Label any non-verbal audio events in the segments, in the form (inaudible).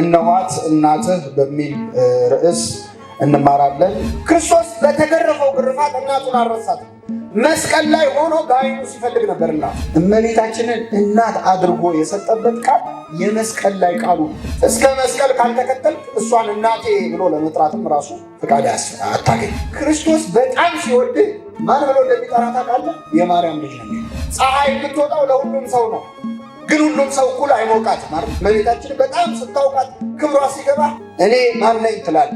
እነኋት እናትህ በሚል ርዕስ እንማራለን። ክርስቶስ በተገረፈው ግርፋት እናቱን አረሳት መስቀል ላይ ሆኖ ጋይኑ ሲፈልግ ነበርና እመቤታችንን እናት አድርጎ የሰጠበት ቃል የመስቀል ላይ ቃሉ እስከ መስቀል ካልተከተል እሷን እናቴ ብሎ ለመጥራትም ራሱ ፍቃድ አታገኝ። ክርስቶስ በጣም ሲወድህ ማን ብሎ እንደሚጠራ ታውቃለህ? የማርያም ልጅ ነው። ፀሐይ የምትወጣው ለሁሉም ሰው ነው። ግን ሁሉም ሰው እኩል አይሞቃት ማለት መሬታችን በጣም ስታውቃት ክብሯ ሲገባ እኔ ማን ነኝ ትላለ።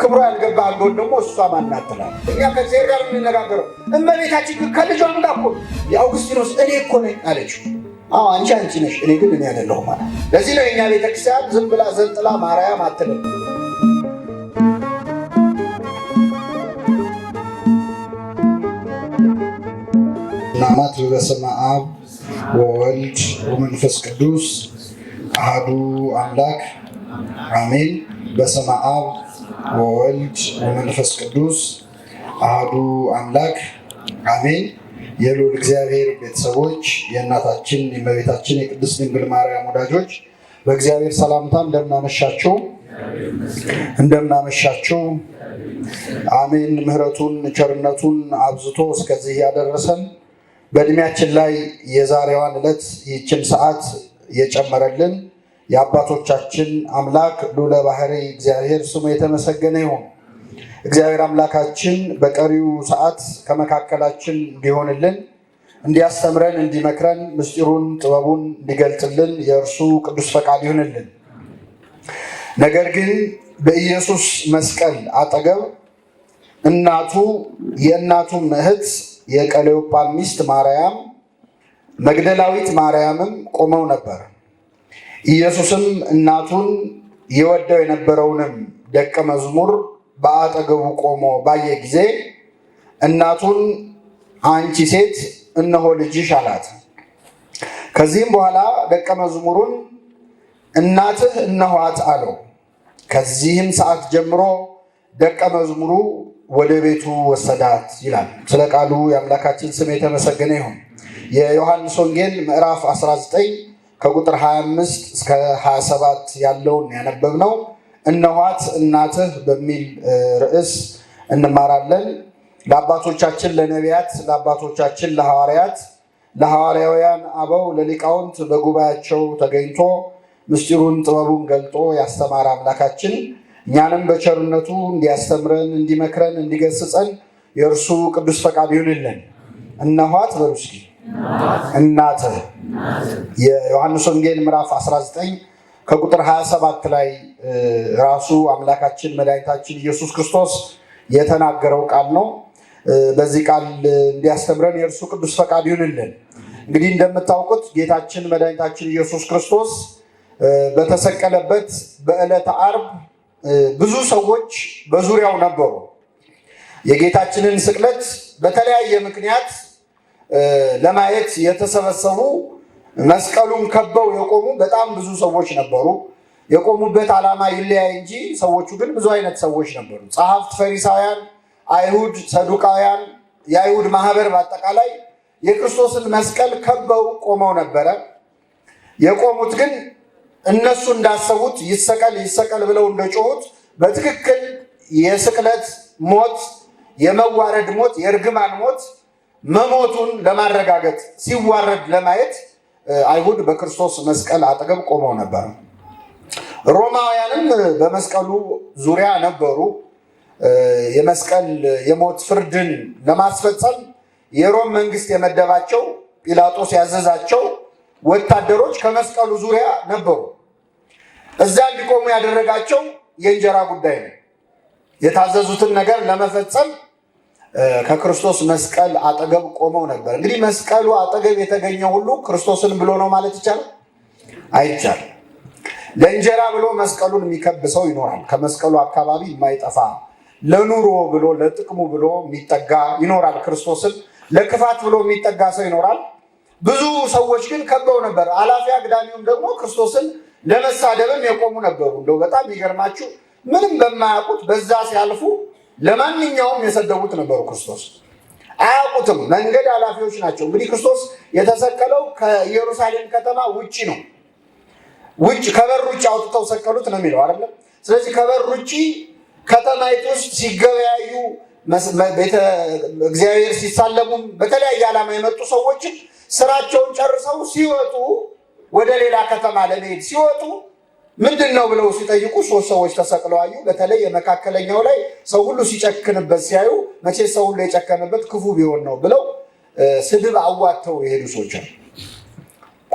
ክብሯ ያልገባ አንዶን ደግሞ እሷ ማናት ትላለ። እኛ ከእግዚአብሔር ጋር የምንነጋገረው እመቤታችን ግን ከልጇም ጋር እኮ እኔ እኮ ነኝ አለችው። አዎ አንቺ አንቺ ነሽ፣ እኔ ግን እኔ አይደለሁ ማለት። ለዚህ ነው የእኛ ቤተክርስቲያን ዝም ብላ ዘንጥላ ማርያም አትልም። ናማት በስመ አብ ወወልድ ወመንፈስ ቅዱስ አህዱ አምላክ አሜን። በስመ አብ ወወልድ ወመንፈስ ቅዱስ አህዱ አምላክ አሜን። የልዑል እግዚአብሔር ቤተሰቦች፣ የእናታችን የእመቤታችን የቅድስት ድንግል ማርያም ወዳጆች በእግዚአብሔር ሰላምታ እንደምናመሻቸው እንደምናመሻቸው አሜን። ምሕረቱን ቸርነቱን አብዝቶ እስከዚህ ያደረሰን በእድሜያችን ላይ የዛሬዋን ዕለት ይችን ሰዓት የጨመረልን የአባቶቻችን አምላክ ሉለ ባህሪ እግዚአብሔር ስሙ የተመሰገነ ይሁን። እግዚአብሔር አምላካችን በቀሪው ሰዓት ከመካከላችን እንዲሆንልን እንዲያስተምረን፣ እንዲመክረን፣ ምስጢሩን ጥበቡን እንዲገልጥልን የእርሱ ቅዱስ ፈቃድ ይሁንልን። ነገር ግን በኢየሱስ መስቀል አጠገብ እናቱ የእናቱም እህት የቀለዮጳ ሚስት ማርያም መግደላዊት ማርያምም ቆመው ነበር። ኢየሱስም እናቱን የወደው የነበረውንም ደቀ መዝሙር በአጠገቡ ቆሞ ባየ ጊዜ እናቱን አንቺ ሴት እነሆ ልጅሽ አላት። ከዚህም በኋላ ደቀ መዝሙሩን እናትህ እነኋት አለው። ከዚህም ሰዓት ጀምሮ ደቀ መዝሙሩ ወደ ቤቱ ወሰዳት ይላል። ስለ ቃሉ የአምላካችን ስም የተመሰገነ ይሁን። የዮሐንስ ወንጌል ምዕራፍ 19 ከቁጥር 25 እስከ 27 ያለውን ያነበብ ነው። እነኋት እናትህ በሚል ርዕስ እንማራለን። ለአባቶቻችን ለነቢያት፣ ለአባቶቻችን ለሐዋርያት፣ ለሐዋርያውያን አበው፣ ለሊቃውንት በጉባኤያቸው ተገኝቶ ምስጢሩን ጥበቡን ገልጦ ያስተማረ አምላካችን እኛንም በቸርነቱ እንዲያስተምረን፣ እንዲመክረን፣ እንዲገስጸን የእርሱ ቅዱስ ፈቃድ ይሁንልን። እነኋት በሉ እስኪ የዮሐንስ ወንጌል ምዕራፍ 19 ከቁጥር 27 ላይ ራሱ አምላካችን መድኃኒታችን ኢየሱስ ክርስቶስ የተናገረው ቃል ነው። በዚህ ቃል እንዲያስተምረን የእርሱ ቅዱስ ፈቃድ ይሁንልን። እንግዲህ እንደምታውቁት ጌታችን መድኃኒታችን ኢየሱስ ክርስቶስ በተሰቀለበት በዕለተ ዓርብ ብዙ ሰዎች በዙሪያው ነበሩ። የጌታችንን ስቅለት በተለያየ ምክንያት ለማየት የተሰበሰቡ መስቀሉን ከበው የቆሙ በጣም ብዙ ሰዎች ነበሩ። የቆሙበት ዓላማ ይለያይ እንጂ ሰዎቹ ግን ብዙ አይነት ሰዎች ነበሩ። ጸሐፍት፣ ፈሪሳውያን፣ አይሁድ፣ ሰዱቃውያን፣ የአይሁድ ማህበር በአጠቃላይ የክርስቶስን መስቀል ከበው ቆመው ነበረ። የቆሙት ግን እነሱ እንዳሰቡት ይሰቀል ይሰቀል ብለው እንደጮሁት በትክክል የስቅለት ሞት፣ የመዋረድ ሞት፣ የእርግማን ሞት መሞቱን ለማረጋገጥ ሲዋረድ ለማየት አይሁድ በክርስቶስ መስቀል አጠገብ ቆመው ነበር። ሮማውያንም በመስቀሉ ዙሪያ ነበሩ። የመስቀል የሞት ፍርድን ለማስፈጸም የሮም መንግስት የመደባቸው ጲላጦስ ያዘዛቸው ወታደሮች ከመስቀሉ ዙሪያ ነበሩ። እዛ እንዲቆሙ ያደረጋቸው የእንጀራ ጉዳይ ነው። የታዘዙትን ነገር ለመፈጸም ከክርስቶስ መስቀል አጠገብ ቆመው ነበር። እንግዲህ መስቀሉ አጠገብ የተገኘው ሁሉ ክርስቶስን ብሎ ነው ማለት ይቻላል? አይቻል። ለእንጀራ ብሎ መስቀሉን የሚከብ ሰው ይኖራል። ከመስቀሉ አካባቢ የማይጠፋ ለኑሮ ብሎ ለጥቅሙ ብሎ የሚጠጋ ይኖራል። ክርስቶስን ለክፋት ብሎ የሚጠጋ ሰው ይኖራል። ብዙ ሰዎች ግን ከበው ነበር። አላፊ አግዳሚውም ደግሞ ክርስቶስን ለመሳደብም የቆሙ ነበሩ። እንደው በጣም ይገርማችሁ ምንም በማያውቁት በዛ ሲያልፉ ለማንኛውም የሰደቡት ነበሩ። ክርስቶስ አያውቁትም። መንገድ አላፊዎች ናቸው። እንግዲህ ክርስቶስ የተሰቀለው ከኢየሩሳሌም ከተማ ውጭ ነው። ውጭ ከበር ውጭ አውጥተው ሰቀሉት ነው የሚለው አይደለም። ስለዚህ ከበር ውጭ ከተማይት ውስጥ ሲገበያዩ እግዚአብሔር ሲሳለሙ በተለያየ ዓላማ የመጡ ሰዎችን ስራቸውን ጨርሰው ሲወጡ ወደ ሌላ ከተማ ለመሄድ ሲወጡ ምንድን ነው ብለው ሲጠይቁ ሶስት ሰዎች ተሰቅለው አዩ። በተለይ የመካከለኛው ላይ ሰው ሁሉ ሲጨክንበት ሲያዩ መቼ ሰው ሁሉ የጨከንበት ክፉ ቢሆን ነው ብለው ስድብ አዋተው የሄዱ ሰዎች ነው።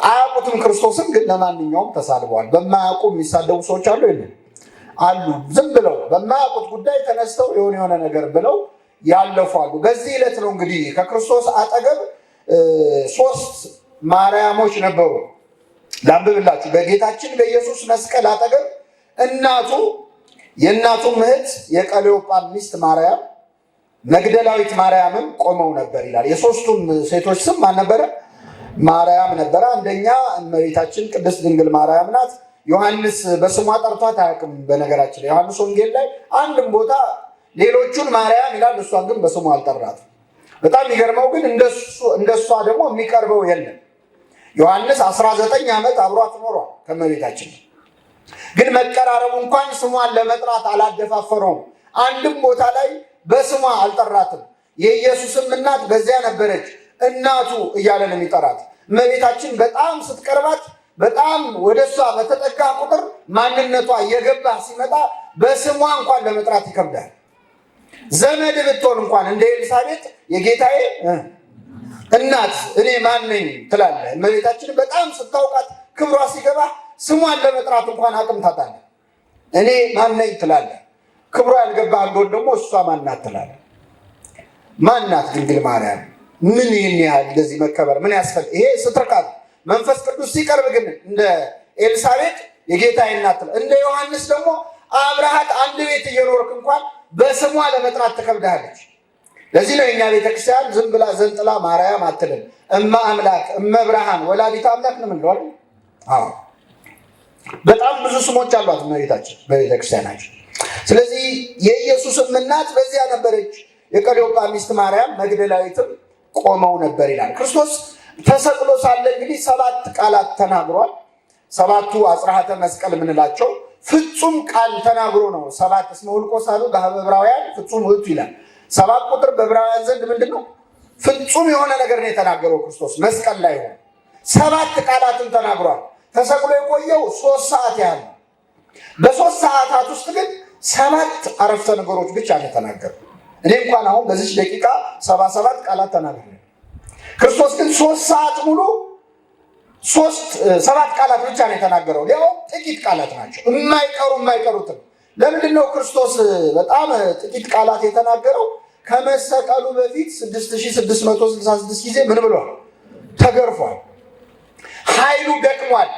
አያውቁትም ክርስቶስን ግን ለማንኛውም ተሳልበዋል። በማያውቁ የሚሳደቡ ሰዎች አሉ የለም አሉ። ዝም ብለው በማያውቁት ጉዳይ ተነስተው የሆነ የሆነ ነገር ብለው ያለፉ አሉ። በዚህ ዕለት ነው እንግዲህ ከክርስቶስ አጠገብ ሶስት ማርያሞች ነበሩ። ላንብብላችሁ። በጌታችን በኢየሱስ መስቀል አጠገብ እናቱ የእናቱ ምህት የቀሌዮጳ ሚስት ማርያም መግደላዊት ማርያምም ቆመው ነበር ይላል። የሶስቱም ሴቶች ስም ማን ነበረ? ማርያም ነበረ። አንደኛ እመቤታችን ቅድስት ድንግል ማርያም ናት። ዮሐንስ በስሟ ጠርቷት አያውቅም። በነገራችን ላይ ዮሐንስ ወንጌል ላይ አንድም ቦታ ሌሎቹን ማርያም ይላል፣ እሷን ግን በስሟ አልጠራትም። በጣም የሚገርመው ግን እንደሷ ደግሞ የሚቀርበው የለም። ዮሐንስ 19 ዓመት አብሯት ኖሯል ከመቤታችን ግን መቀራረቡ እንኳን ስሟን ለመጥራት አላደፋፈረውም። አንድም ቦታ ላይ በስሟ አልጠራትም። የኢየሱስም እናት በዚያ ነበረች። እናቱ እያለ ነው የሚጠራት። እመቤታችን በጣም ስትቀርባት በጣም ወደ እሷ በተጠጋ ቁጥር ማንነቷ እየገባ ሲመጣ በስሟ እንኳን ለመጥራት ይከብዳል። ዘመድ ብትሆን እንኳን እንደ ኤልሳቤጥ የጌታዬ እናት እኔ ማነኝ ትላለ። ትላለህ። በጣም ስታውቃት ክብሯ ሲገባ ስሟን ለመጥራት እንኳን አቅም ታጣለህ። እኔ ማን ትላለ። ክብሯ ያልገባ እንደሆን ደግሞ እሷ ማናት ትላለ። ማናት ድንግል ማርያም? ምን ይህን ያህል እንደዚህ መከበር ምን ያስፈል ይሄ ስትርካት መንፈስ ቅዱስ ሲቀርብ ግን እንደ ኤልሳቤጥ የጌታ እናት እንደ ዮሐንስ ደግሞ አብርሃት አንድ ቤት እየኖርክ እንኳን በስሟ ለመጥራት ትከብዳለች። ለዚህ ነው የኛ ቤተክርስቲያን ዝም ብላ ዘንጥላ ማርያም አትልም። እማ አምላክ፣ እመ ብርሃን፣ ወላዲት አምላክ ነው ምንለዋል። በጣም ብዙ ስሞች አሏት እመቤታችን በቤተክርስቲያናችን። ስለዚህ የኢየሱስ እናት በዚያ ነበረች። የቀሌዮጳ ሚስት ማርያም መግደላዊትም ቆመው ነበር ይላል ክርስቶስ ተሰቅሎ ሳለ እንግዲህ ሰባት ቃላት ተናግሯል። ሰባቱ አጽራሃተ መስቀል የምንላቸው ፍጹም ቃል ተናግሮ ነው። ሰባት እስመ ሁልቆ ሳሉ ጋሀበ ፍጹም ውእቱ ይላል። ሰባት ቁጥር በዕብራውያን ዘንድ ምንድን ነው? ፍጹም የሆነ ነገር ነው የተናገረው ክርስቶስ መስቀል ላይ ሆነ ሰባት ቃላትን ተናግሯል። ተሰቅሎ የቆየው ሶስት ሰዓት ያህል ነው። በሶስት ሰዓታት ውስጥ ግን ሰባት አረፍተ ነገሮች ብቻ ነው የተናገረው። እኔ እንኳን አሁን በዚች ደቂቃ ሰባ ሰባት ቃላት ተናግረ ክርስቶስ ግን ሶስት ሰዓት ሙሉ ሶስት ሰባት ቃላት ብቻ ነው የተናገረው። ሌላው ጥቂት ቃላት ናቸው የማይቀሩ የማይቀሩትም። ለምንድን ነው ክርስቶስ በጣም ጥቂት ቃላት የተናገረው? ከመሰቀሉ በፊት 6666 ጊዜ ምን ብሏል? ተገርፏል። ኃይሉ ደክሟል።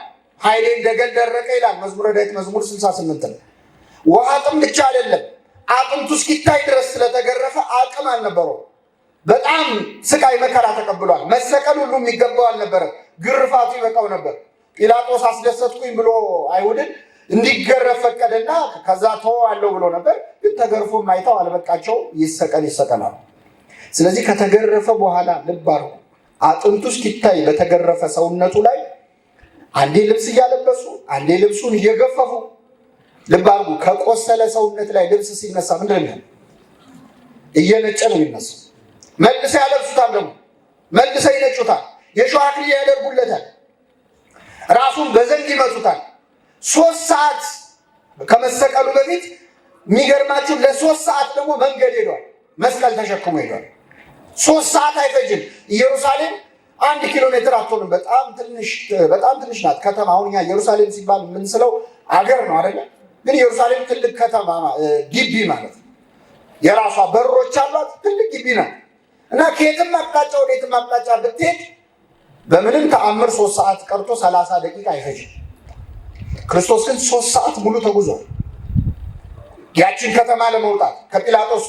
ኃይሌ እንደገል ደረቀ ይላል መዝሙረ ዳዊት መዝሙር 68 ውሃ ጥም ብቻ አይደለም አጥንቱ እስኪታይ ድረስ ስለተገረፈ አቅም አልነበረው በጣም ስቃይ መከራ ተቀብሏል። መሰቀል ሁሉ የሚገባው አልነበረም። ግርፋቱ ይበቃው ነበር። ጲላጦስ አስደሰትኩኝ ብሎ አይሁድን እንዲገረፍ ፈቀደና ከዛ አለው ብሎ ነበር። ግን ተገርፎ ማይተው አልበቃቸው፣ ይሰቀል ይሰቀላል። ስለዚህ ከተገረፈ በኋላ ልባር አጥንቱ እስኪታይ በተገረፈ ሰውነቱ ላይ አንዴ ልብስ እያለበሱ አንዴ ልብሱን እየገፈፉ ልብ አድርጉ፣ ከቆሰለ ሰውነት ላይ ልብስ ሲነሳ ምንድን ነው እየነጨ ነው የሚነሳው መልሰ ያለብሱታል፣ ደግሞ መልሰ ይነጩታል፣ የሸዋ አክሊል ያደርጉለታል፣ ራሱን በዘንግ ይመቱታል። ሶስት ሰዓት ከመሰቀሉ በፊት የሚገርማችሁ ለሶስት ሰዓት ደግሞ መንገድ ሄዷል። መስቀል ተሸክሞ ሄዷል። ሶስት ሰዓት አይፈጅም። ኢየሩሳሌም አንድ ኪሎ ሜትር አትሆንም። በጣም ትንሽ በጣም ትንሽ ናት ከተማ። አሁን እኛ ኢየሩሳሌም ሲባል የምንስለው አገር ነው አይደለ? ግን ኢየሩሳሌም ትልቅ ከተማ ግቢ ማለት ነው። የራሷ በሮች አሏት። ትልቅ ግቢ ናት። እና ከየትም አቅጣጫ ወደየትም አቅጣጫ ብትሄድ በምንም ተአምር ሶስት ሰዓት ቀርቶ ሰላሳ ደቂቃ አይፈጅም። ክርስቶስ ግን ሶስት ሰዓት ሙሉ ተጉዞ ያችን ከተማ ለመውጣት ከጲላጦስ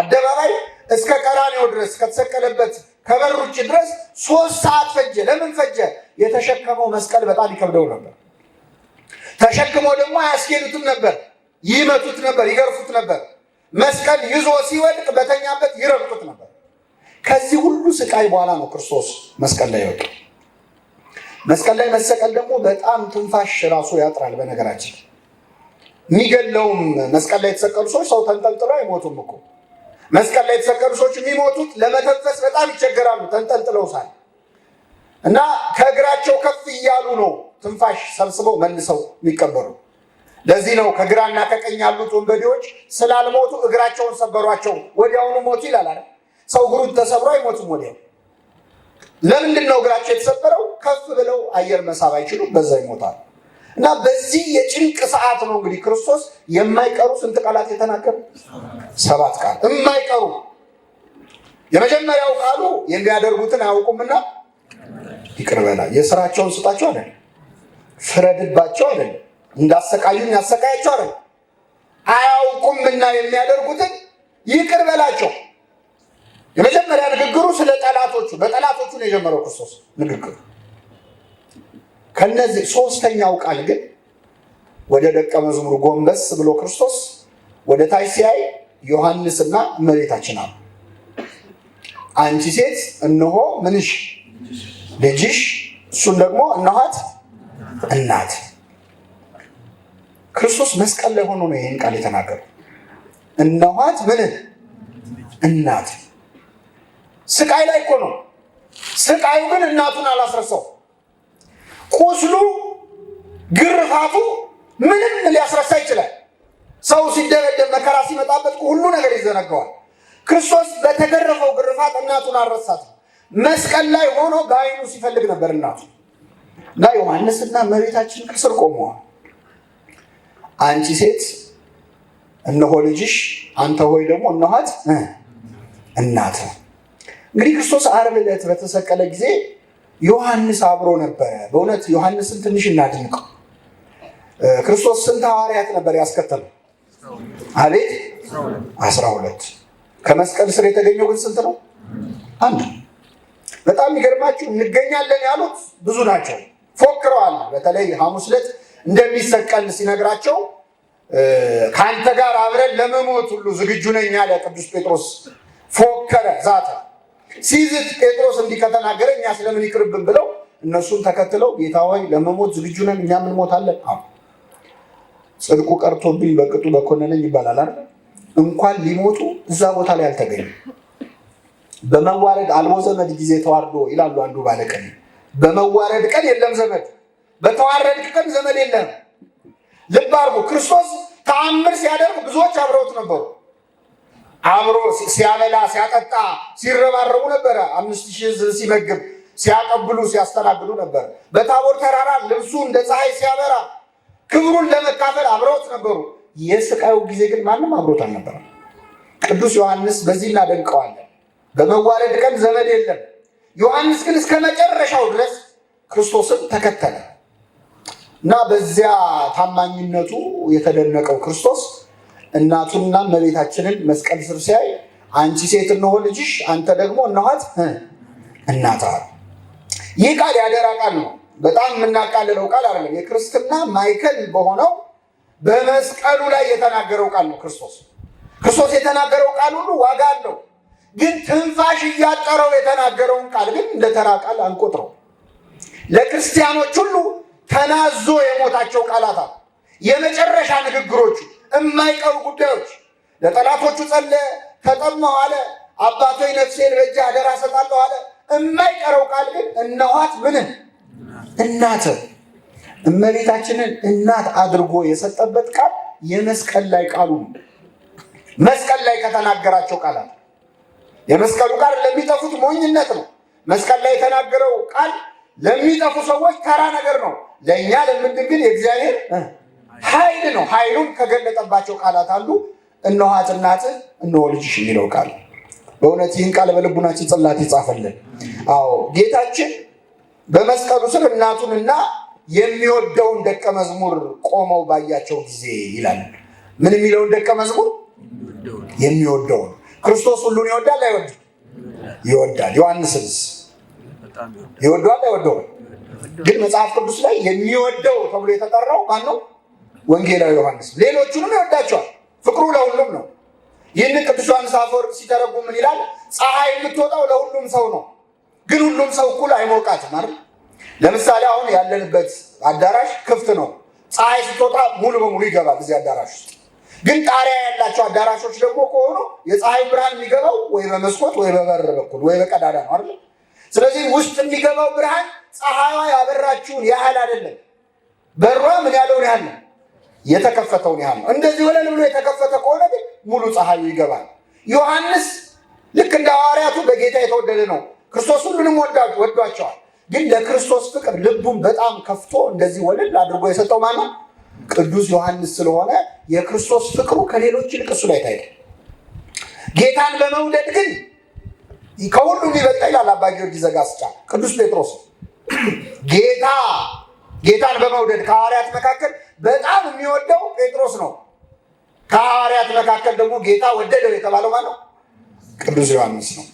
አደባባይ እስከ ቀራኔው ድረስ ከተሰቀለበት ከበር ውጭ ድረስ ሶስት ሰዓት ፈጀ። ለምን ፈጀ? የተሸከመው መስቀል በጣም ይከብደው ነበር። ተሸክሞ ደግሞ አያስኬዱትም ነበር፣ ይመቱት ነበር፣ ይገርፉት ነበር። መስቀል ይዞ ሲወድቅ በተኛበት ይረግጡት ነበር። ከዚህ ሁሉ ስቃይ በኋላ ነው ክርስቶስ መስቀል ላይ ይወጡ። መስቀል ላይ መሰቀል ደግሞ በጣም ትንፋሽ ራሱ ያጥራል። በነገራችን የሚገለውም መስቀል ላይ የተሰቀሉ ሰዎች ሰው ተንጠልጥሎ አይሞቱም እኮ። መስቀል ላይ የተሰቀሉ ሰዎች የሚሞቱት ለመተንፈስ በጣም ይቸገራሉ፣ ተንጠልጥለው ሳል እና ከእግራቸው ከፍ እያሉ ነው ትንፋሽ ሰብስበው መልሰው የሚቀበሩ። ለዚህ ነው ከግራና ከቀኝ ያሉት ወንበዴዎች ስላልሞቱ እግራቸውን ሰበሯቸው፣ ወዲያውኑ ሞቱ ይላል። ሰው ጉሩጅ ተሰብሮ አይሞትም። ወዲያ ለምንድን ነው እግራቸው የተሰበረው? ከፍ ብለው አየር መሳብ አይችሉም፣ በዛ ይሞታል። እና በዚህ የጭንቅ ሰዓት ነው እንግዲህ ክርስቶስ የማይቀሩ ስንት ቃላት የተናገሩ? ሰባት ቃል የማይቀሩ የመጀመሪያው ቃሉ የሚያደርጉትን አያውቁምና ይቅር በላቸው፣ የስራቸውን ስጣቸው አለ። ፍረድባቸው አለ። እንዳሰቃዩን ያሰቃያቸው አለ። አያውቁምና የሚያደርጉትን ይቅር በላቸው የመጀመሪያ ንግግሩ ስለ ጠላቶቹ በጠላቶቹ ነው የጀመረው ክርስቶስ ንግግሩ። ከነዚህ ሶስተኛው ቃል ግን ወደ ደቀ መዝሙር ጎንበስ ብሎ ክርስቶስ ወደ ታች ሲያይ ዮሐንስና እመቤታችን አሉ። አንቺ ሴት እነሆ ምንሽ ልጅሽ፣ እሱን ደግሞ እነኋት እናት። ክርስቶስ መስቀል ላይ ሆኖ ነው ይህን ቃል የተናገረው። እነኋት ምን እናት ስቃይ ላይ እኮ ነው። ስቃዩ ግን እናቱን አላስረሳው። ቁስሉ፣ ግርፋቱ ምንም ሊያስረሳ ይችላል። ሰው ሲደበደብ መከራ ሲመጣበት ሁሉ ነገር ይዘነገዋል። ክርስቶስ በተገረፈው ግርፋት እናቱን አልረሳትም። መስቀል ላይ ሆኖ በአይኑ ሲፈልግ ነበር እናቱ እና ዮሐንስና እመቤታችን ከስር ቆመዋል። አንቺ ሴት እነሆ ልጅሽ፣ አንተ ሆይ ደግሞ እነኋት እናት እንግዲህ ክርስቶስ ዓርብ ዕለት በተሰቀለ ጊዜ ዮሐንስ አብሮ ነበረ። በእውነት ዮሐንስን ትንሽ እናድንቀው። ክርስቶስ ስንት ሐዋርያት ነበር ያስከተለው? አቤት አስራ ሁለት ከመስቀል ስር የተገኘው ግን ስንት ነው? አንድ። በጣም የሚገርማችሁ እንገኛለን ያሉት ብዙ ናቸው። ፎክረዋል። በተለይ ሐሙስ ዕለት እንደሚሰቀል ሲነግራቸው ከአንተ ጋር አብረን ለመሞት ሁሉ ዝግጁ ነኝ ያለ ቅዱስ ጴጥሮስ ፎከረ፣ ዛተ። ሲዝት ጴጥሮስ እንዲከተናገረ ከተናገረ እኛ ስለምን ይቅርብን ብለው እነሱን ተከትለው ጌታ ሆይ ለመሞት ዝግጁ ነን፣ እኛም እንሞታለን። ጽድቁ ቀርቶብኝ በቅጡ በኮነነኝ ይባላል አይደል? እንኳን ሊሞቱ እዛ ቦታ ላይ አልተገኙም። በመዋረድ አልቦ ዘመድ ጊዜ ተዋርዶ ይላሉ አንዱ ባለቀን። በመዋረድ ቀን የለም ዘመድ፣ በተዋረድ ቀን ዘመድ የለም። ልብ አድርጉ፣ ክርስቶስ ተአምር ሲያደርግ ብዙዎች አብረውት ነበሩ። አብሮ ሲያበላ ሲያጠጣ ሲረባረቡ ነበረ። አምስት ሺህ ሲመግብ ሲያቀብሉ ሲያስተናግዱ ነበር። በታቦር ተራራ ልብሱ እንደ ፀሐይ ሲያበራ ክብሩን ለመካፈል አብረውት ነበሩ። የስቃዩ ጊዜ ግን ማንም አብሮት አልነበረም። ቅዱስ ዮሐንስ በዚህ እናደንቀዋለን። በመዋለድ ቀን ዘመድ የለም። ዮሐንስ ግን እስከ መጨረሻው ድረስ ክርስቶስን ተከተለ እና በዚያ ታማኝነቱ የተደነቀው ክርስቶስ እናቱንና እመቤታችንን መስቀል ስር ሲያይ አንቺ ሴት እነሆ ልጅሽ፣ አንተ ደግሞ እነኋት እናትህ። ይህ ቃል ያደራ ቃል ነው። በጣም የምናቃልለው ቃል አይደለም። የክርስትና ማይከል በሆነው በመስቀሉ ላይ የተናገረው ቃል ነው። ክርስቶስ ክርስቶስ የተናገረው ቃል ሁሉ ዋጋ አለው። ግን ትንፋሽ እያጠረው የተናገረውን ቃል ግን እንደ ተራ ቃል አንቆጥረው። ለክርስቲያኖች ሁሉ ተናዞ የሞታቸው ቃላት የመጨረሻ ንግግሮቹ የማይቀሩ ጉዳዮች ለጠላቶቹ ጸለ ከጠማው አለ። አባቶይ ነፍሴን በእጅህ አደራ እሰጣለሁ አለ። የማይቀረው ቃል ግን እነኋት ምንን እናት እመቤታችንን እናት አድርጎ የሰጠበት ቃል የመስቀል ላይ ቃሉ መስቀል ላይ ከተናገራቸው ቃላት የመስቀሉ ቃል ለሚጠፉት ሞኝነት ነው። መስቀል ላይ የተናገረው ቃል ለሚጠፉ ሰዎች ተራ ነገር ነው። ለእኛ ለምንድን ግን የእግዚአብሔር ኃይል ነው። ኃይሉን ከገለጠባቸው ቃላት አንዱ እነሆ እናትህ እነሆ ልጅሽ የሚለው ቃል በእውነት ይህን ቃል በልቡናችን ጽላት ይጻፈልን። አዎ ጌታችን በመስቀሉ ስር እናቱንና የሚወደውን ደቀ መዝሙር ቆመው ባያቸው ጊዜ ይላል። ምን የሚለውን ደቀ መዝሙር? የሚወደውን ክርስቶስ ሁሉን ይወዳል አይወድ ይወዳል። ዮሐንስንስ ይወደዋል አይወደውም? ግን መጽሐፍ ቅዱስ ላይ የሚወደው ተብሎ የተጠራው ማን ነው? ወንጌላዊ ዮሐንስ። ሌሎቹንም ይወዳቸዋል። ፍቅሩ ለሁሉም ነው። ይህን ቅዱስ ዮሐንስ አፈወርቅ ሲተረጉም ምን ይላል? ፀሐይ የምትወጣው ለሁሉም ሰው ነው፣ ግን ሁሉም ሰው እኩል አይሞቃትም አይደል? ለምሳሌ አሁን ያለንበት አዳራሽ ክፍት ነው። ፀሐይ ስትወጣ ሙሉ በሙሉ ይገባል እዚህ አዳራሽ ውስጥ። ግን ጣሪያ ያላቸው አዳራሾች ደግሞ ከሆኑ የፀሐይ ብርሃን የሚገባው ወይ በመስኮት ወይ በበር በኩል ወይ በቀዳዳ ነው አይደል? ስለዚህ ውስጥ የሚገባው ብርሃን ፀሐይዋ ያበራችውን ያህል አይደለም፣ በሯ ምን ያለውን ያህል ነው የተከፈተውን ያህል ነው። እንደዚህ ወለል ብሎ የተከፈተ ከሆነ ግን ሙሉ ፀሐዩ ይገባል። ዮሐንስ ልክ እንደ ሐዋርያቱ በጌታ የተወደደ ነው። ክርስቶስ ሁሉንም ወዷቸዋል። ግን ለክርስቶስ ፍቅር ልቡን በጣም ከፍቶ እንደዚህ ወለል አድርጎ የሰጠው ነው? ቅዱስ ዮሐንስ ስለሆነ የክርስቶስ ፍቅሩ ከሌሎች ይልቅ እሱ ላይ ታይቷል። ጌታን በመውደድ ግን ከሁሉም ይበልጣል ይላል አባ ጊዮርጊስ ዘጋስጫ ቅዱስ ጴጥሮስ (clears throat) ጌታ ጌታን በመውደድ ከሐዋርያት መካከል በጣም የሚወደው ጴጥሮስ ነው። ከሐዋርያት መካከል ደግሞ ጌታ ወደደው የተባለው ማን ነው? ቅዱስ ዮሐንስ ነው።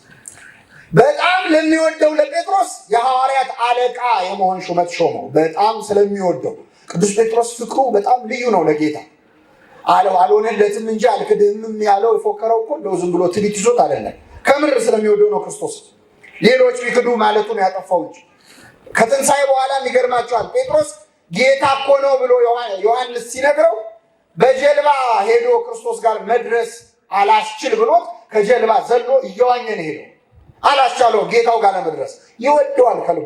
በጣም ለሚወደው ለጴጥሮስ የሐዋርያት አለቃ የመሆን ሹመት ሾመው። በጣም ስለሚወደው ቅዱስ ጴጥሮስ ፍቅሩ በጣም ልዩ ነው ለጌታ አለው። አልሆነለትም እንጂ አልክድህምም ያለው የፎከረው እኮ እንደው ዝም ብሎ ትቢት ይዞት አይደለም፣ ከምር ስለሚወደው ነው ክርስቶስ። ሌሎች ቢክዱ ማለቱን ያጠፋው እንጂ ከትንሣኤ በኋላ ይገርማቸዋል። ጴጥሮስ ጌታ እኮ ነው ብሎ ዮሐንስ ሲነግረው በጀልባ ሄዶ ክርስቶስ ጋር መድረስ አላስችል ብሎት ከጀልባ ዘሎ እየዋኘ ነው ሄደው አላስቻለው ጌታው ጋር ለመድረስ ይወደዋል ከልቡ።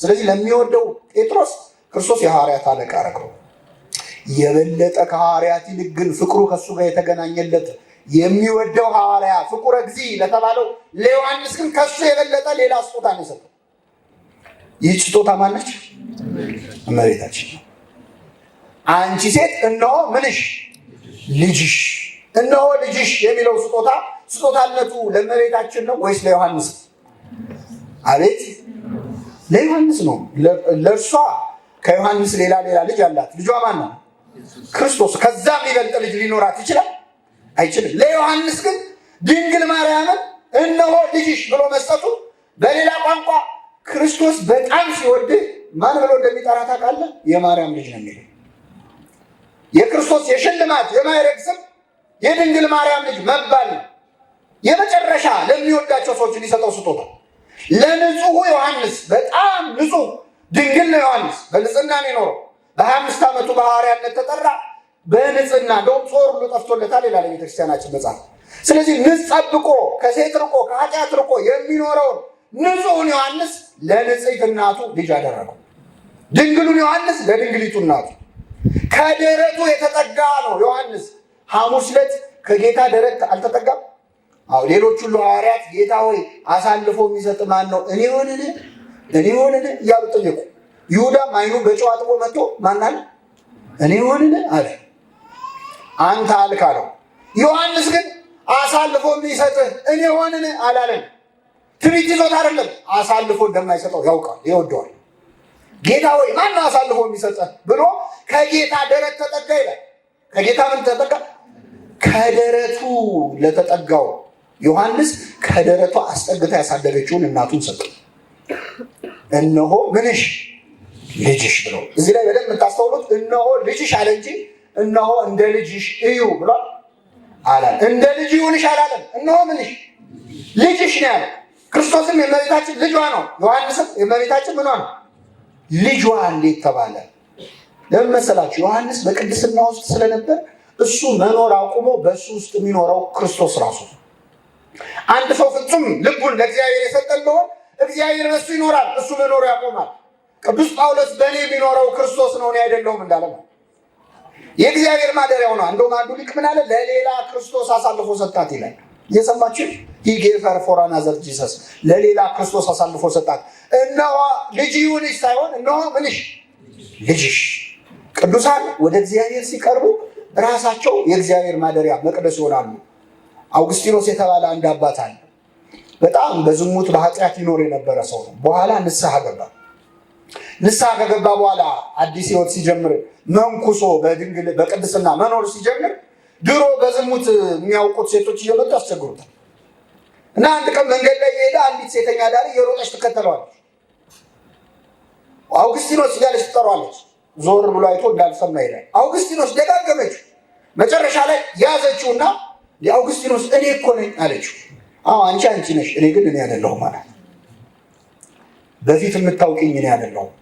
ስለዚህ ለሚወደው ጴጥሮስ ክርስቶስ የሐዋርያት አለቃ አረገው። የበለጠ ከሐዋርያት ይልቅ ግን ፍቅሩ ከእሱ ጋር የተገናኘለት የሚወደው ሐዋርያ ፍቁረ እግዚእ ለተባለው ለዮሐንስ ግን ከሱ የበለጠ ሌላ ስጦታ ነው የሰጠው። ይህ ስጦታ ማነች? እመቤታችን ነው። አንቺ ሴት እነሆ ምንሽ ልጅሽ፣ እነሆ ልጅሽ የሚለው ስጦታ ስጦታነቱ ለእመቤታችን ነው ወይስ ለዮሐንስ? አቤት ለዮሐንስ ነው። ለእርሷ ከዮሐንስ ሌላ ሌላ ልጅ አላት። ልጇ ማን ነው? ክርስቶስ። ከዛ የሚበልጥ ልጅ ሊኖራት ይችላል? አይችልም። ለዮሐንስ ግን ድንግል ማርያምን እነሆ ልጅሽ ብሎ መስጠቱ በሌላ ቋንቋ ክርስቶስ በጣም ሲወድህ ማን ብሎ እንደሚጠራ ታውቃለህ? የማርያም ልጅ ነው የሚለው። የክርስቶስ የሽልማት የማይረግ ስም የድንግል ማርያም ልጅ መባል ነው። የመጨረሻ ለሚወዳቸው ሰዎች ሊሰጠው ስጦታ ለንጹሁ ዮሐንስ በጣም ንጹህ ድንግል ነው ዮሐንስ። በንጽህና ነው የኖረው። በሀያ አምስት ዓመቱ በሐዋርያነት ተጠራ። በንጽህና እንደውም ጾር ሁሉ ጠፍቶለታል ይላል ቤተክርስቲያናችን መጽሐፍ። ስለዚህ ንጽ ጠብቆ ከሴት ርቆ ከኃጢአት ርቆ የሚኖረውን ንጹሑን ዮሐንስ ለንጽሕት እናቱ ልጅ አደረገው። ድንግሉን ዮሐንስ ለድንግሊቱ እናቱ ከደረቱ የተጠጋ ነው። ዮሐንስ ሐሙስ ዕለት ከጌታ ደረት አልተጠጋም። አዎ ሌሎቹ ሁሉ ሐዋርያት ጌታ ሆይ አሳልፎ የሚሰጥ ማን ነው? እኔ ሆንን እኔ ሆንን እያሉ ጠየቁ። ይሁዳም አይኑ በጨው መጥቶ ማን አለ? እኔ ሆንን አለ። አንተ አልክ አለው። ዮሐንስ ግን አሳልፎ የሚሰጥህ እኔ ሆንን አላለን። ትንቢት ይዞት አይደለም፣ አሳልፎ እንደማይሰጠው ያውቃል፣ ይወደዋል። ጌታ ወይ ማን አሳልፎ የሚሰጠ ብሎ ከጌታ ደረት ተጠጋ ይላል። ከጌታ ምን ተጠጋ? ከደረቱ ለተጠጋው ዮሐንስ ከደረቷ አስጠግታ ያሳደገችውን እናቱን ሰጠ። እነሆ ምንሽ ልጅሽ ብሎ እዚህ ላይ በደንብ የምታስተውሉት እነሆ ልጅሽ አለ እንጂ እነሆ እንደ ልጅሽ እዩ ብሏል አላለም። እንደ ልጅ ይሁንሽ አላለም። እነሆ ምንሽ ልጅሽ ነው ያለው። ክርስቶስም የእመቤታችን ልጇ ነው። ዮሐንስም የእመቤታችን ምኗ ነው? ልጇ እንዴት ተባለ? ለምን መሰላችሁ? ዮሐንስ በቅድስና ውስጥ ስለነበር እሱ መኖር አቁሞ በእሱ ውስጥ የሚኖረው ክርስቶስ ራሱ። አንድ ሰው ፍጹም ልቡን ለእግዚአብሔር የሰጠ እንደሆን እግዚአብሔር በሱ ይኖራል፣ እሱ መኖሩ ያቆማል። ቅዱስ ጳውሎስ በእኔ የሚኖረው ክርስቶስ ነው እኔ አይደለሁም እንዳለ ነው። የእግዚአብሔር ማደሪያው ነው። እንደውም አንዱ ሊቅ ምን አለ? ለሌላ ክርስቶስ አሳልፎ ሰጣት ይላል። እየሰማችሁ ይጌ ፈርፎራ ናዘር ጂሰስ ለሌላ ክርስቶስ አሳልፎ ሰጣት። እነሆ ልጅ ይሁንሽ ሳይሆን እነሆ ምንሽ ልጅሽ። ቅዱሳን ወደ እግዚአብሔር ሲቀርቡ ራሳቸው የእግዚአብሔር ማደሪያ መቅደስ ይሆናሉ። አውግስቲኖስ የተባለ አንድ አባት አለ። በጣም በዝሙት በኃጢአት ይኖር የነበረ ሰው ነው። በኋላ ንስሐ ገባ። ንስሐ ከገባ በኋላ አዲስ ህይወት ሲጀምር መንኩሶ በድንግል በቅድስና መኖር ሲጀምር ድሮ በዝሙት የሚያውቁት ሴቶች እየመጡ ያስቸግሩታል። እና አንድ ቀን መንገድ ላይ የሄደ አንዲት ሴተኛ ዳር እየሮጠች ትከተለዋለች። አውግስቲኖስ እያለች ትጠሯለች። ዞር ብሎ አይቶ እንዳልሰማ ይሄዳል። አውግስቲኖስ ደጋገመችው። መጨረሻ ላይ ያዘችውና የአውግስቲኖስ እኔ እኮ ነኝ አለችው። አዎ አንቺ አንቺ ነሽ፣ እኔ ግን እኔ አይደለሁም ማለት በፊት የምታውቅኝ እኔ አይደለሁም።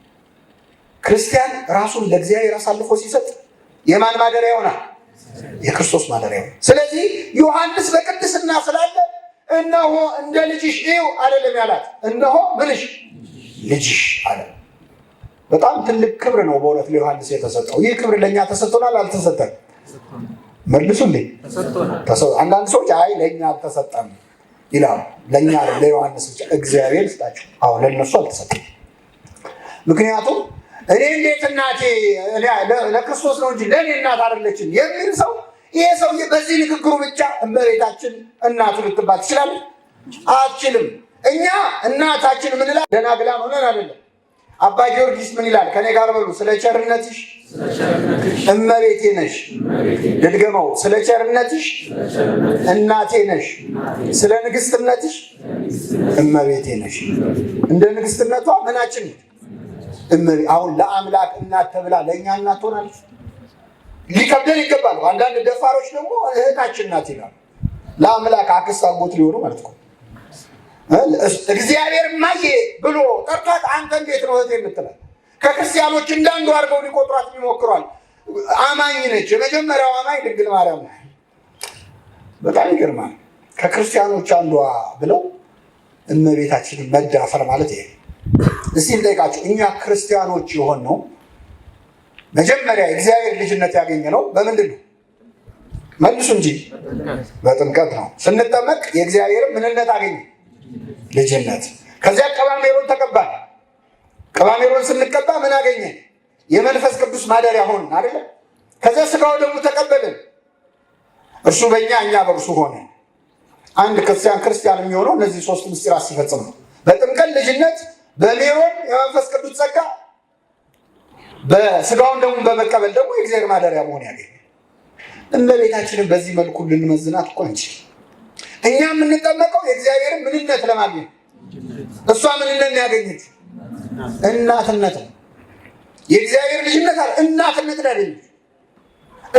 ክርስቲያን ራሱን ለእግዚአብሔር አሳልፎ ሲሰጥ የማን ማደሪያ ይሆናል? የክርስቶስ ማደሪያ። ስለዚህ ዮሐንስ በቅድስና ስላለ እነሆ እንደ ልጅሽ እዩ አይደለም ያላት፣ እነሆ ምንሽ ልጅሽ አለ። በጣም ትልቅ ክብር ነው በእውነት ለዮሐንስ የተሰጠው። ይህ ክብር ለእኛ ተሰጥቶናል አልተሰጠን? መልሱልኝ። አንዳንድ ሰዎች አይ ለእኛ አልተሰጠም ይላሉ። ለእኛ ለዮሐንስ ብቻ እግዚአብሔር ስጣቸው። አዎ ለእነሱ አልተሰጠም፣ ምክንያቱም እኔ እንዴት እናቴ ለክርስቶስ ነው እንጂ ለእኔ እናት አይደለችም የሚል ሰው ይሄ ሰውዬ በዚህ ንግግሩ ብቻ እመቤታችን እናቱ ልትባል ትችላለች? አትችልም። እኛ እናታችን ምንላል ደናግላ ሆነን አይደለም። አባ ጊዮርጊስ ምን ይላል? ከኔ ጋር በሉ። ስለ ቸርነትሽ እመቤቴ ነሽ። ልድገመው። ስለ ቸርነትሽ እናቴ ነሽ፣ ስለ ንግስትነትሽ እመቤቴ ነሽ። እንደ ንግስትነቷ ምናችን እመቤ አሁን ለአምላክ እናት ተብላ ለእኛ እናት ሆናለች። ሊከብደን ይገባል። አንዳንድ ደፋሮች ደግሞ እህታችን ናት ይላሉ። ለአምላክ አክስት አጎት ሊሆኑ ማለት ነው። እግዚአብሔር ማየ ብሎ ጠርቷት አንተ እንዴት ነው እህት የምትላል? ከክርስቲያኖች እንዳንዱ አድርገው ሊቆጥሯት የሚሞክሯል። አማኝ ነች። የመጀመሪያው አማኝ ድንግል ማርያም ነው። በጣም ይገርማል። ከክርስቲያኖች አንዷ ብለው እመቤታችንን መዳፈር ማለት ይሄ እስቲ እንጠይቃቸው። እኛ ክርስቲያኖች የሆን ነው መጀመሪያ የእግዚአብሔር ልጅነት ያገኘ ነው በምንድን ነው? መልሱ እንጂ በጥምቀት ነው። ስንጠመቅ የእግዚአብሔር ምንነት አገኘ ልጅነት። ከዚያ ቀባሜሮን ተቀባል። ቀባሜሮን ስንቀባ ምን አገኘ? የመንፈስ ቅዱስ ማደሪያ ሆን አደለ? ከዚያ ስጋው ደግሞ ተቀበልን። እርሱ በእኛ እኛ በእርሱ ሆነ። አንድ ክርስቲያን ክርስቲያን የሚሆነው እነዚህ ሶስት ምስጢራት ሲፈጽም ነው። በጥምቀት ልጅነት በሌሮን የመንፈስ ቅዱስ ጸጋ በስጋውን ደግሞ በመቀበል ደግሞ የእግዚአብሔር ማደሪያ መሆን ያገኛል። እመቤታችንን በዚህ መልኩ ልንመዝናት እኮ አንችል። እኛ የምንጠመቀው የእግዚአብሔርን ምንነት ለማግኘት እሷ ምንነት ያገኘት እናትነት ነው። የእግዚአብሔር ልጅነት አለ እናትነት ያገኘች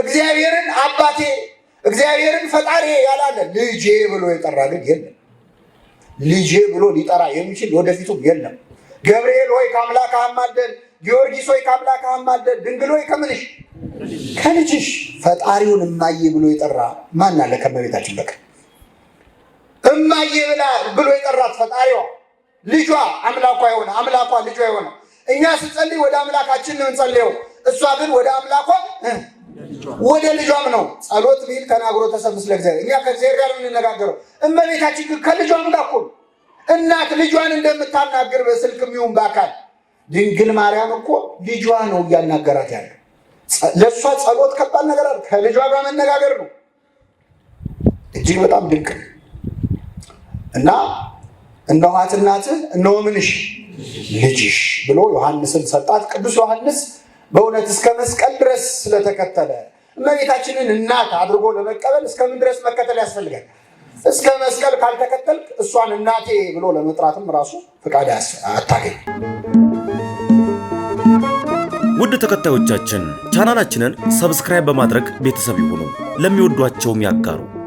እግዚአብሔርን አባቴ እግዚአብሔርን ፈጣሪ ያላለ ልጄ ብሎ የጠራ ግን የለም። ልጄ ብሎ ሊጠራ የሚችል ወደፊቱም የለም። ገብርኤል ሆይ ከአምላክ አማልደን፣ ጊዮርጊስ ሆይ ከአምላክ አማልደን፣ ድንግል ሆይ ከምንሽ ከልጅሽ ፈጣሪውን እማዬ ብሎ የጠራ ማን አለ? ከመቤታችን በቀር እማዬ ብላ ብሎ የጠራት ፈጣሪዋ ልጇ አምላኳ የሆነ አምላኳ ልጇ የሆነ እኛ ስንጸልይ ወደ አምላካችን ነው እንጸልየው። እሷ ግን ወደ አምላኳ ወደ ልጇም ነው ጸሎት ቢል ተናግሮ ተሰብስ ለእግዚአብሔር እኛ ከእግዚአብሔር ጋር የምንነጋገረው። እመቤታችን ግን ከልጇም ጋር እኮ ነው እናት ልጇን እንደምታናገር በስልክ የሚሆን በአካል ድንግል ማርያም እኮ ልጇ ነው እያናገራት ያለ። ለእሷ ጸሎት ከባድ ነገር አለ፣ ከልጇ ጋር መነጋገር ነው። እጅግ በጣም ድንቅ ነው እና እነኋት እናትህ እነሆ ምንሽ ልጅሽ ብሎ ዮሐንስን ሰጣት። ቅዱስ ዮሐንስ በእውነት እስከ መስቀል ድረስ ስለተከተለ እመቤታችንን እናት አድርጎ ለመቀበል እስከምን ድረስ መከተል ያስፈልጋል? እስከ መስቀል ካልተከተልክ እሷን እናቴ ብሎ ለመጥራትም ራሱ ፍቃድ አታገኝ። ውድ ተከታዮቻችን ቻናላችንን ሰብስክራይብ በማድረግ ቤተሰብ ይሁኑ፣ ለሚወዷቸውም ያጋሩ።